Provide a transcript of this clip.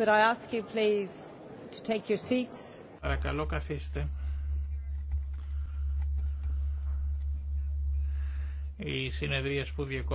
Could I ask you please to take your seats? Παρακαλώ καθίστε. Οι συνεδρίες που διεκολούν